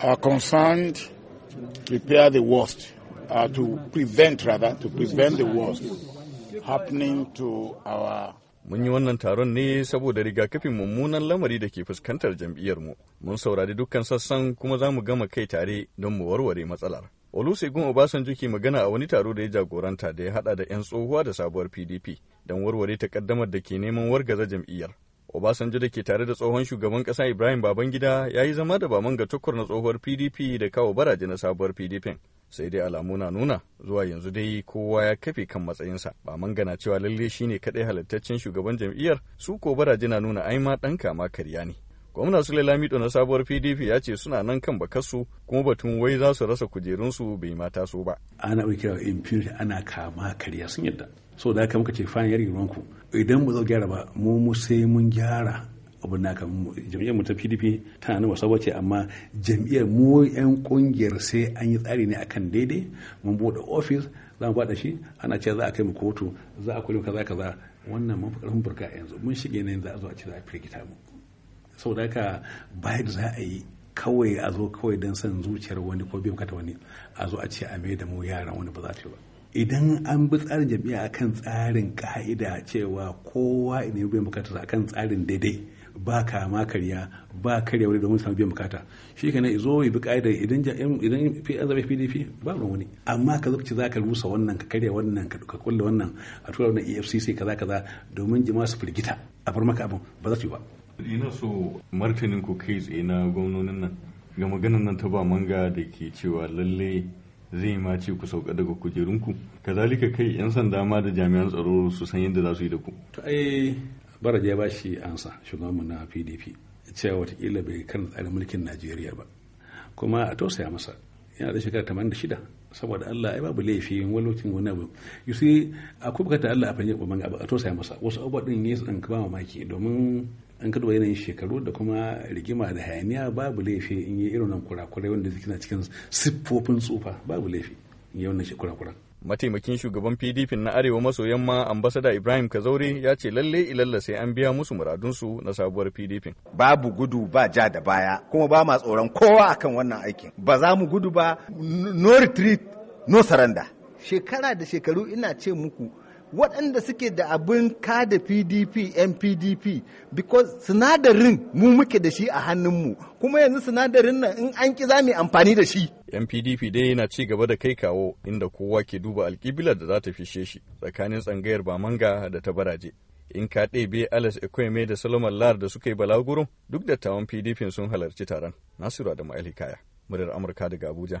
are concerned, prepare the worst, uh, to prevent rather, to prevent the worst happening to our Mun yi wannan taron ne saboda rigakafin mummunan lamari da ke fuskantar jam'iyyarmu. Mun saurari dukkan sassan kuma za mu gama kai tare don mu warware matsalar. Olusegun Obasanjo ke magana a wani taro da ya jagoranta da ya hada da 'yan tsohuwa da sabuwar PDP don warware takaddamar da ke neman wargaza jam'iyyar. Obasanjo da ke tare da tsohon shugaban ƙasa Ibrahim Babangida ya yi zama da baman ga tukur na tsohuwar PDP da kawo baraje na sabuwar PDP. Sai dai alamu na nuna zuwa yanzu dai kowa ya kafe kan matsayinsa. Baman gana cewa lalle shine kaɗai halittaccen shugaban jam'iyyar su ko baraje na nuna ai ma ɗan kama karya ne. Gwamna Sule Lamido na sabuwar PDP ya ce suna nan kan bakasu kuma batun wai za su rasa kujerunsu bai mata taso ba. Ana kira impunity ana kama karya sun yadda. So da haka muka ce fayin yari ruwanku idan ba zau gyara ba mu mu sai mun gyara abin naka jam'iyyar mu ta PDP tana nan wasa ce amma jam'iyyar mu yan kungiyar sai an yi tsari ne akan daidai mun buɗe ofis za mu bada shi ana cewa za a kai mu kotu za a kulle kaza kaza wannan mun fi karfin burka yanzu mun shige ne za a zo a ce za a firgita mu Sau da, haka bayan za a yi kawai a zo kawai don son zuciyar wani ko biyan kata wani a zo a ce a mai da mu yaran wani ba za ta yi ba idan an bi tsarin jami'a akan tsarin ka'ida cewa kowa idan ya biyan a akan tsarin daidai ba kama karya ba karya wani domin samu biyan bukata shi ka na izo yi bi ka'idar idan idan zama pdp ba ruwan wani amma ka zuci za ka rusa wannan ka karya wannan ka kulle wannan a tura wannan efcc kaza kaza domin jima su firgita a bar maka abin ba za su yi ba ina so martanin ku kai tsaye na gwamnonin nan ga maganan nan ta ba manga da ke cewa lalle zai ma ce ku sauka daga kujerunku kazalika kai yan sanda ma da jami'an tsaro su san yadda za su yi da ku to ai baraje ba shi ansa shugabanmu na pdp cewa watakila bai kan tsarin mulkin najeriya ba kuma a tausaya masa yana da shekara 86 saboda Allah ai babu laifi wani lokacin wani abu you see akwai bukatar Allah a fanye manga ba a tausaya masa wasu abubuwa din ne su dan ba mamaki domin an kaduba yanayin shekaru da kuma rigima da hayaniya babu laifi in yi irin nan kurakurai wanda na cikin siffofin tsufa babu laifi in yi wannan kurakuran mataimakin shugaban pdp na arewa maso yamma ambasada ibrahim kazaure ya ce lalle ilalla sai an biya musu muradunsu na sabuwar pdp babu gudu ba ja da baya kuma ba ma tsoron kowa akan wannan aikin ba za mu gudu ba no retreat no surrender shekara da shekaru ina ce muku waɗanda suke da abin kada pdp npdp because sinadarin mu muke da shi a hannunmu kuma yanzu sinadarin nan in an ƙi za mu amfani da shi pdp dai yana ci gaba da kai kawo inda kowa ke duba alƙiblar da za ta fishe shi tsakanin tsangayar bamanga da ta baraje in ka ɗebe alas Ekweme da Solomon Lar da suka yi balaguro duk da tawon PDP sun halarci taron. Nasiru Adamu Ali muryar Amurka daga Abuja.